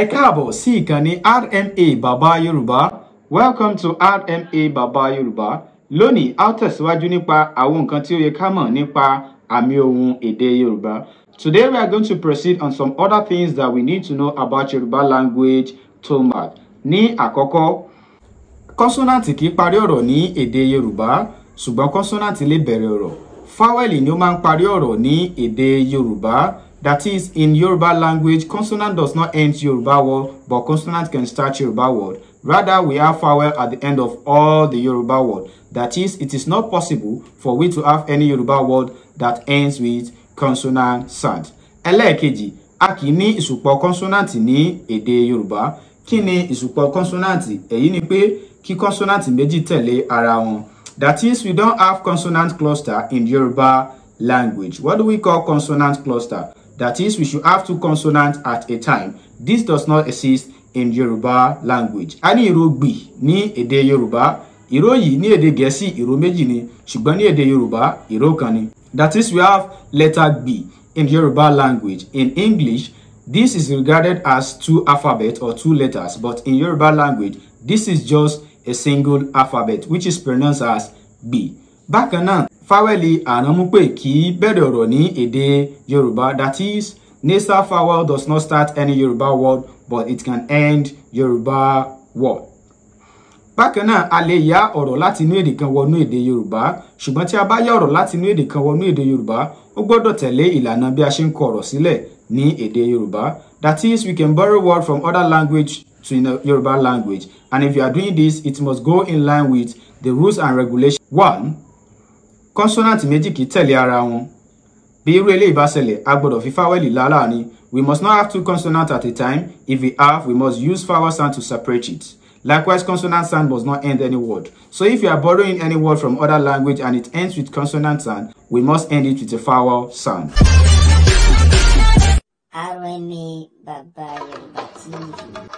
ẹ káàbọ̀ sí ìkànnì RMA bàbá Yorùbá welcome to RMA bàbá Yorùbá lónìí a ó tẹ̀síwájú nípa àwọn nǹkan tí ó yẹ ká mọ̀ nípa àmì ohùn èdè Yorùbá today we are going to proceed on some other things that we need to know about Yorùbá language tomat ní àkọ́kọ́ kọ́nsọ́nàtì kì í parí ọ̀rọ̀ ní èdè Yorùbá ṣùgbọ́n kọ́nsọ́nàtì lè bẹ̀rẹ̀ ọ̀rọ̀ fáwẹ́lì ni ó máa ń parí ọ̀rọ̀ ní èdè Yorùbá That is, in Yoruba language, consonant does not end Yoruba word, but consonant can start Yoruba word. Rather, we have vowel at the end of all the Yoruba word. That is, it is not possible for we to have any Yoruba word that ends with consonant sound. Ẹlẹ́ẹ̀kejì, a kì í ní ìsùpọ̀ consonant ní èdè Yorùbá. Kí ni ìsùpọ̀ consonant? Èyí ni pé kí consonant méjì tẹ̀lé ara wọn. That is, we don't have consonant cluster in Yoruba language. What do we call consonant cluster? That is, we should have two consonants at a time. This does not exist in Yoruba language. A ní ìró ni ní èdè Yorùbá. Ìró ni ní èdè Gẹ̀ẹ́sì ìró méjì ni, ṣùgbọ́n ní èdè Yoruba ìró kan ni. That is, we have letter B in Yoruba language. In English, this is regarded as two alphabet or two letters, but in Yoruba language, this is just a single alphabet, which is pronounced as B. Bákan fáwẹ́lì àránmúpè kì í bẹ̀rẹ̀ ọ̀rọ̀ ní èdè yorùbá that is nasa fawel does not start any yorùbá word but it can end yorùbá word bákan náà a lè yá ọ̀rọ̀ láti inú èdè kan wọnú èdè yorùbá ṣùgbọ́n tí a bá yá ọ̀rọ̀ láti inú èdè kan wọnú èdè yorùbá ó gbọ́dọ̀ tẹ̀lé ìlànà bí a ṣe ń kọ ọ̀rọ̀ sílẹ̀ ní èdè yorùbá that is we can borrow word from other language to yorùbá language and if you are doing this it must go in line with the rules and regulations. one kọ́nsọ́nàtì méjì kì í tẹ̀lé ara wọn bí irú eléyìí bá ṣẹlẹ̀ a gbọ́dọ̀ fi fáwẹ́lì láláàrin we must not have two consonants at a time if we have we must use vowel sound to separate it likewise consonant sound must not end any word so if you are borrowing any word from other language and it ends with consonant sound we must end it with a vowel sound. ààrẹ ni bàbá yorùbá tí.